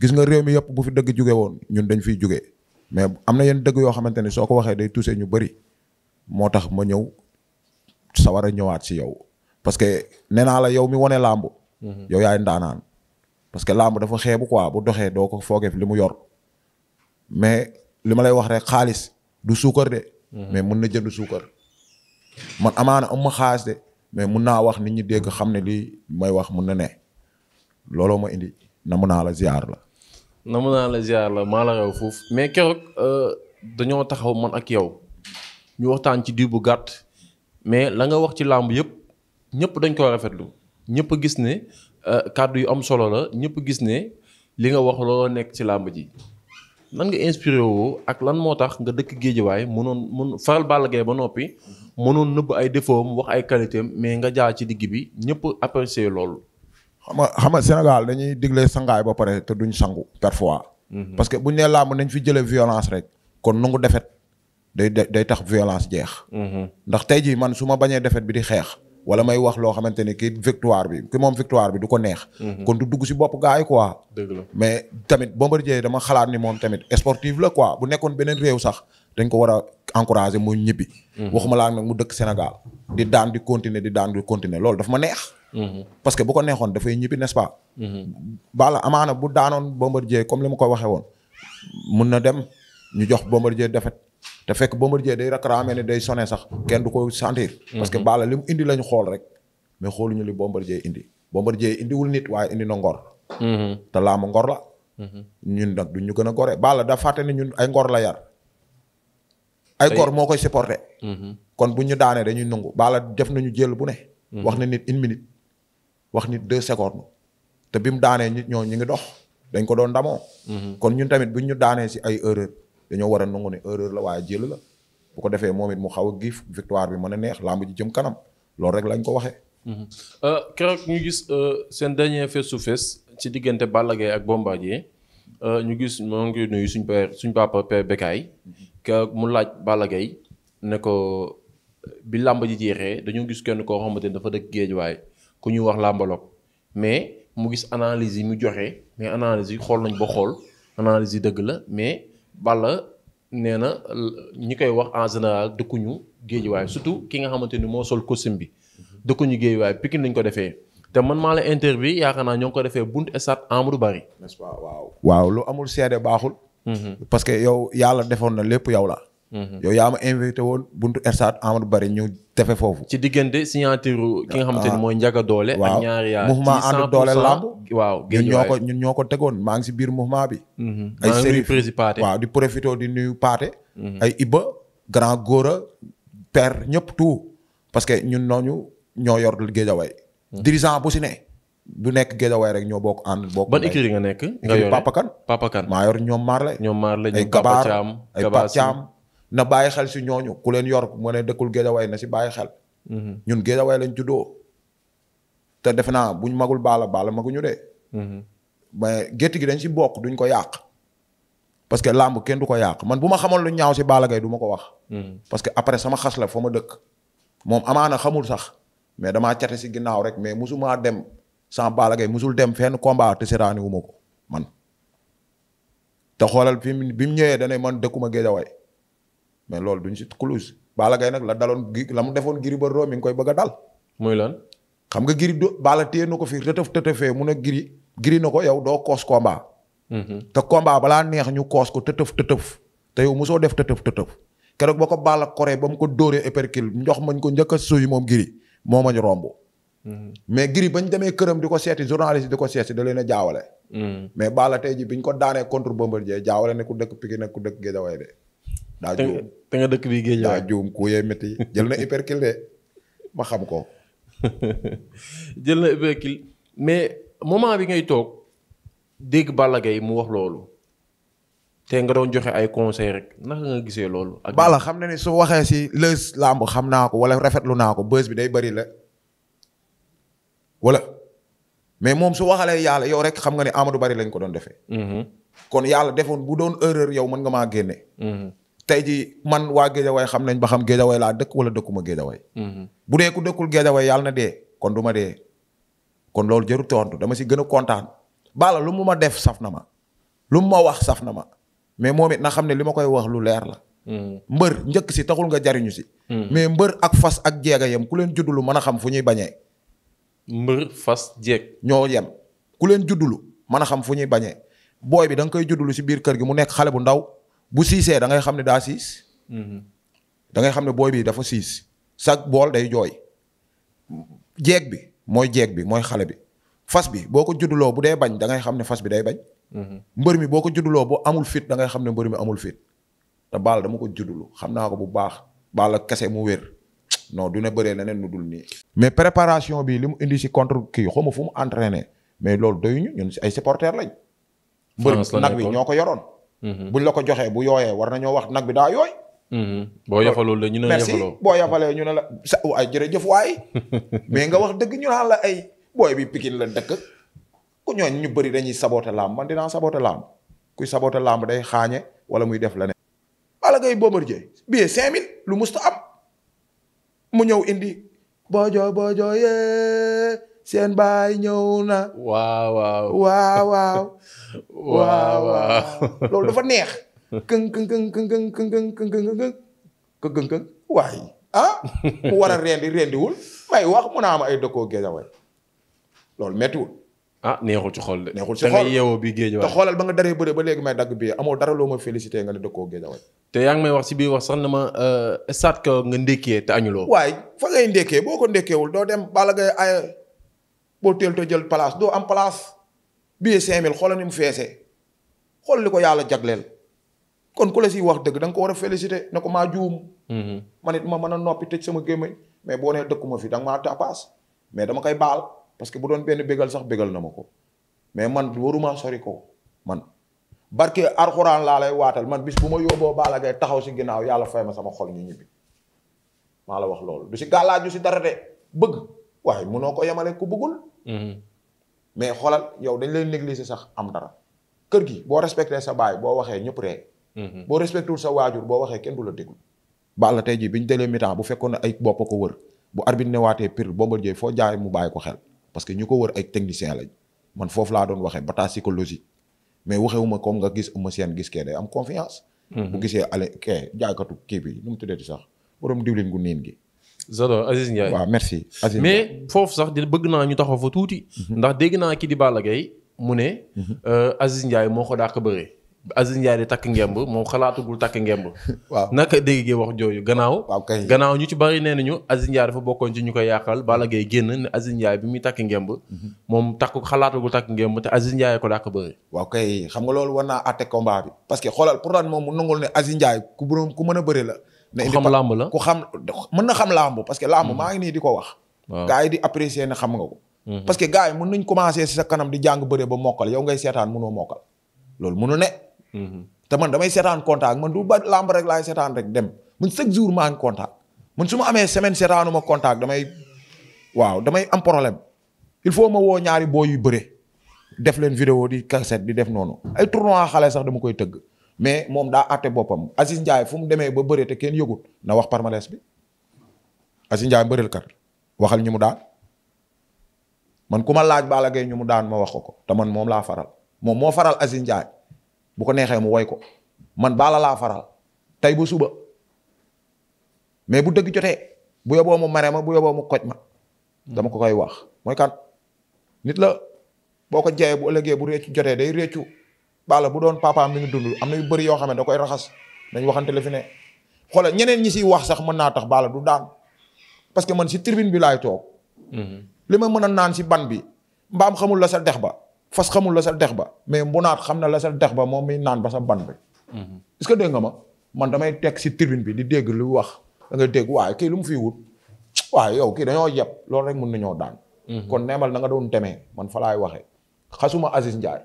gis nga réew mi yëpp bu fi dëgg jóge woon ñun dañ fiy jóge mais am na yenn dëgg yoo xamante ne soo ko waxee day touché ñu bari moo tax ma ñëw sa a ñëwaat si yow parce que nee naa la yow mi wane làmb mhm. yow yaay ndaanaan parce que làmb dafa xeebu quoi bu doxee doo ko foogeef li mu yor mais li ma lay wax rek xaalis du suukar de mhm. mais mun na jënd suukar man amaana am ma xaalis de mais mun naa wax nit ñi dégg xam ne lii may wax mun na ne looloo ma indi na naa la ziar la na mën naa la ziar la maa la rew foofu mais keroog euh, dañoo taxaw man ak yow ñu waxtaan ci diir bu gàtt mais la nga wax ci làmb yëpp ñëpp dañ koo rafetlu ñëpp gis ne euh, kàddu yu am solo la ñëpp gis ne li nga wax looloo nekk ci làmb ji lan nga inspiré woo ak lan moo tax nga dëkk géejuwaay mënoon mën faral Balla Gaye ba noppi mënoon nëbb ay défaut am wax ay qualité am mais nga jaar ci digg bi ñëpp apprécier loolu xam nga xam nga Sénégal dañuy digle sangaay ba pare te duñ sangu parfois. Mhm. parce que bu buñ nee làmb nañ fi jële violence rek. kon nangu defet day day tax violence jeex. Mhm. ndax tey jii man su ma bañee defet bi di xeex. wala may wax loo xamante ni kii victoire bi ki moom victoire bi du ko neex. Mhm. kon du dugg si bopp gars yi quoi. dëgg la mais tamit Bombardier dama xalaat ni moom tamit sportif la quoi bu nekkoon beneen réew sax dañ ko war a encourager muy ñibbi. waxuma laa nag mu dëkk Sénégal. di daan di continuer di daan di continuer loolu daf ma neex. Mhm. parce que bu ko neexoon dafay ñibbi n'est-ce pas. Mhm. amaana bu daanoon Bombardier comme li ma ko waxee woon mun na dem ñu jox Bombardier dafet te fekk Bombardier day rakraame ne day sone sax kenn du ko sentir. parce que mhm. baala li mu indi lañu xool rek xoolu xooluñu li Bombardier indi. Bombardier indiwul nit waaye indi na ngor. te laamu ngor la. ñun nag du ñu gën a gore baala daa fàtte ni ñun ay ngor la yar. ay ngor moo koy supporté. kon bu ñu daanee dañuy nangu Balla def nañu jël bu ne. wax na nit une wax nit deux secondes te bi mu daanee nit ñoo ñu ngi dox dañ ko doon damoo. Mhm. kon ñun tamit buñ ñu daanee si ay erreur dañoo war a nangu ne erreur la waaye jël la bu ko defee moom it mu xaw a giif victoire bi mën a neex làmb ji jëm kanam loolu rek lañ ko waxee. Mhm. Euh, keroog ñu gis euh, seen dernier face to face ci diggante Balla Gaye ak Bombardier euh, ñu gis moo ngi nuy suñ suñ papa père Bécaye keroog mu laaj Balla Gaye ne ko bi làmb ji jeexee dañoo gis kenn koo xamante ni dafa dëkk géej ku ñuy wax làmbaloog mais mu gis analyse yi mu joxe mais analyse yi xool nañ ba xool analyse dëgg la mais bala nee na ñi koy wax en général dëkkuñu géejuwaay surtout ki nga xamante ni moo sol costume bi dëkkuñu géejuwaay pikin lañ ko defee te man maa la interview yaakaar naa ñoo ngi ko defee bunt estat Amadou Bari. n'est-ce pas waaw. waaw lu amul seede baaxul. Mhm. parce que yow yàlla defoon na lépp yow la. Mhm. yow yaa ma invité woon buntu Ersat Amadou Bari ñu tefe foofu. ci diggante signature ki nga xamante ni ah. mooy Ndiaga Dollé. ak waaw ànd doole làmb. waaw ñun ñoo ko tegoon maa ngi si biir mouvement bi. Mhm. ay sérif waaw di profité di nuyu Paate. Mhm. ay Ibba grand Gora père ñëpp tout parce que ñun nooñu ñoo yor Géejawaay. dirigeant bu si ne. du nekk Géejawaay rek ñoo bokk ànd. bokk ban écurie nga nekk. nga yore Papa ay Gabaar na bàyyi xel si ñooñu ku leen yor mu ne dëkkul géejawaay na si bàyyi xel. Mhm. ñun géejawaay lañ juddoo. te defe naa bu ñu magul baala baala maguñu de. Mhm. mais gétt gi dañ si bokk duñ ko yàq. parce que làmb kenn du ko yàq man bu ma xamal lu ñaaw si Balla Gaye du ma ko wax. Mhm. parce que après sama xas la fa ma dëkk. moom amaana xamul sax mais damaa cate si ginnaaw rek mais musuma dem sans Balla Gaye musul dem fenn combat te seraani wu ma ko man. te xoolal fi bi mu ñëwee da ne man dëkkuma Géejawaay mais loolu duñ si close Balla Gaye nag la daloon gi la mu defoon Gris Bordeaux mi ngi koy bëgg a dal. muy lan. xam nga Gris do Balla téye na ko fii rëtëf tëtëfee mu na ko yow doo koos combat. Mm-hmm. te combat balaa neex ñu koos ko tëtëf tëtëf. te yow mosoo def tëtëf tëtëf keroog ba ko Balla koree ba mu ko dóoree épercule njox mañ ko njëkk a suy moom giri moo ma romb. Mm-hmm. mais Gris bañ demee këram di ko seeti journaliste di ko seeti da leen a jaawale. Mm-hmm. mais Balla tey biñ ko daanee contre Bombardier jaawale ne ku dëkk Pikine ne ku dëkk Guédiawaye de. daa juum te nga dëkk bi géej daa juum ku yee jël na hypercule de ma xam ko. jël na hypercule mais moment bi ngay toog dégg Balla Gaye mu wax loolu te nga doon joxe ay conseil rek naka nga gisee loolu. ak Balla xam na ne su waxee si lës làmb xam naa ko wala rafetlu naa ko bës bi day bari la walla mais moom su waxalee yàlla yow rek xam nga ne Amadou Bari lañ ko doon defee. Mhm. kon yàlla defoon bu doon erreur yow mën nga maa génne. Mhm. tey ji man waa Géejawaay xam nañ ba xam Géejawaay laa dëkk wala dëkkuma Géejawaay. Mhm. bu dee ku dëkkul Géejawaay yàlla na dee kon du ma dee kon loolu jëru tontu dama si gën a kontaan. baala lu mu ma def saf na ma lu mu ma wax saf na ma mais moom it na xam ne li ma koy wax lu leer la. Mhm. mbër njëkk si taxul nga jariñu si. Mhm. mais mbër ak fas ak jeega yem ku leen juddulu mën a xam fu ñuy bañee. mbër fas jeeg. ñoo yem ku leen juddulu mën a xam fu ñuy bañee booy bi da nga koy juddulu si biir kër gi mu nekk xale bu ndaw bu siisee da ngay xam ne daa siis. Mm-hmm. da ngay xam ne booy bii dafa siis. chaque bool day jooy. jeeg bi mooy jeeg bi mooy xale bi fas bi boo ko judduloo bu dee bañ dangay xam ne fas bi day bañ. Mm-hmm. mbër mi boo ko judduloo bu amul fit da ngay xam ne mbër mi amul fit. te baal dama ko juddulu xam naa ko bu baax baal kese mu wér no du ne bëree leneen nu dul nii. mais préparation bii li mu indi si contre kii xaw ma fu mu entraîné mais loolu doyuñu ñu si ay supporters lañ. mbër nag bi ñoo ko yoroon. Mhm. bu ñu la ko joxee bu yooyee war nañoo wax nag bi daa yooy. Mhm. boo yafalool la ñu ne merci boo yafalee ñu ne la sa waay jërëjëf mais nga wax dëgg ñu ay booy bi la dëkk ku ñooñ ñu bëri dañuy saboté lamb man dinaa saboté lamb kuy saboté lamb day xaañe wala muy def la ne Balla Gaye Bombardier billet cinq mille lu musta am mu ñëw indi boo jooy seen baay ñëw na. waaw waaw waaw waaw. loolu dafa neex. këng këng këng këng këng këng këng këng këng këng këng këng waay ah mu war a rendi rendiwul waaye wax mun a am ay dëkkoo géejawaay loolu méttiwul. ah neexul ci xol de. neexul ci xol da nga yeewoo bi géejawaay te xoolal ba nga daree bëre ba léegi may dagg bi amoo dara loo ma félicité nga ne dëkkoo géejawaay. yaa ngi may wax si biir wax sax na ma stade ko nga ndékkee te añuloo. waay fa ngay ndékkee boo ko ndékkeewul doo dem bala ngay ay. boo teel te jël place doo am place billet 5000 xoolal ni mu feesee xool li ko yàlla jagleel kon ku la siy wax dëgg danga ko war a féliciter ne ko maa juum. Mhm. man nit ma mën a noppi tëj sama gémmiñ mais boo nee dëkkuma fi da nga maa tapas mais dama koy baal parce que bu doon benn bégal sax bégal na ma ko mais man waruma sori ko man. barke arxuraan laa lay waatal man bis bu ma yóbboo Balla Gaye taxaw si ginnaaw yàlla fay ma sama xol ñu ñibbi maa la wax loolu du dara de bëgg. waaye munoo ko yemale ku bëggul. Mhm. mais xoolal yow dañ lay négliger sax am dara. kër gi boo respecté sa baay boo waxee ñëpp ree mhm. boo respecté wul sa waajur boo waxee kenn du la déglu. la tey jii biñ delee mi-temps bu fekkoon ne ay bopp ko wër bu arbitre ne waatee pire Bombardier foo jaay mu bàyyi ko xel parce que ñu ko wër ay technicien lañ man foof laa doon waxee bataille psychologique mais waxewuma comme nga gis Eumeu seen gis kee day am confiance. Mhm. bu gisee ale kee jaaykatu kii bi nu mu tuddee sax borom diwlin gu niin gi. Zador Aziz Ndiaye merci. Aziz mais foofu sax di bëgg naa ñu taxaw fa tuuti. Mhm. ndax dégg naa ki di Balla mu ne. Mhm. Euh, Aziz Ndiaye moo ko daa dàq bëree. Aziz Ndiaye di takk ngemb moom xalaatugul takk ngemb. waaw naka dégg ngeen wax jooju gannaaw. waaw kay ñu ci bari nee nañu Aziz Ndiaye dafa bokkoon ci ñu koy yàqal Balla Gaye génn ne Aziz Ndiaye bi muy takk ngemb. Mhm. moom takk xalaatugul takk ngemb te Aziz Ndiaye ko dàq bëri. waaw kay xam nga loolu war naa àtte combat bi. parce que xoolal pourtant moom mu nangul ne Aziz Ndiaye ku borom ku mën a bëri la ne indi ku xam làmb la ku xam mën na xam làmb parce que làmb hmm. maa ngi nii di ko wax. waaw gars yi di apprécier ne xam nga ko. Hmm. parce que gars yi mën nañ commencer si sa kanam di jàng bëre ba mokkal yow ngay seetaan mënoo mokkal loolu mënul ne. Hmm. te man damay seetaan contact man du ba làmb rek laay seetaan rek dem man chaque jour maa ngi contact man su ma amee semaine seetaanuma contact damay waaw damay am problème il faut ma woo ñaari boo yu bëre def leen vidéo di cassette di def noonu ay tournoi xale sax dama koy tëgg. mais moom daa àtte boppam Aziz Ndiaye fu mu demee ba bëree te kenn yëgut na wax palmarès bi Aziz Ndiaye mbëreel kat waxal ñu mu daan man ku ma laaj Balla gay ñu mu daan ma wax ko ko te man moom laa faral moom moo faral Aziz Ndiaye bu ko neexee mu woy ko man baala laa faral tey bu suba mais bu dëgg jotee bu yoboo mu mare ma bu yoboo mu koj ma dama ko koy wax mooy kan nit la boo ko jeyee bu ëllëgee bu réccu jotee day réccu baala bu doon papaam mi ngi dund am na yu bëri yoo xam ne da koy raxas nañ waxante la fi ne xoolal ñeneen ñi siy wax sax mën naa tax baala du daan parce que man si tribune bi laay toog. Mhm. li ma mën a naan si ban bi mbaam xamul la sa dex ba fas xamul la dex ba mais mbunaat xam na la sa dex ba moom mi naan ba sa ban bi. Mhm. est dégg nga ma man damay teg si tribune bi di dégg lu wax da ngay dégg waaye kii lu mu fiy wut waaye yow kii dañoo yeb loolu rek mën nañoo daan. Mhm. kon neemal na nga doon demee man fa laay waxee xasuma Aziz Ndiaye.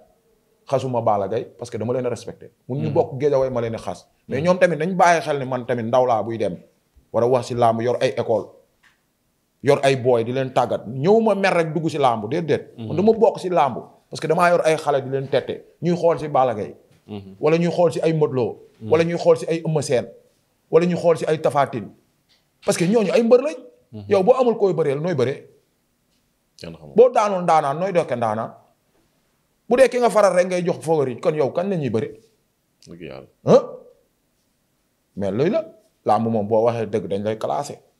xasuma Balla Gaye parce que dama leen respecté mun ñu hmm. bokk géejawaay ma leen xas hmm. mais ñoom tamit dañ bàyyi xel ne man tamit ndaw laa buy dem war a wax si làmb yor ay école yor ay booy di leen tàggat ñëw ma mer rek dugg si làmb déedéet hmm. man dama bokk si làmb parce que damaa yor ay xale di leen tette ñuy xool ci Balla Gaye wala ñuy xool ci ay Modou Lo wala ñuy xool si ay Eumeu Sène wala ñuy xool si ay tafaatin parce que ñooñu ay mbër lañ yow boo amul koy bëreel nooy nooy dokke bu dee ki nga faral rek ngay jox favori kon yow kan la ñuy bëri. dëgg yàlla. mais luy la làmb moom boo waxee dëgg dañ lay classé.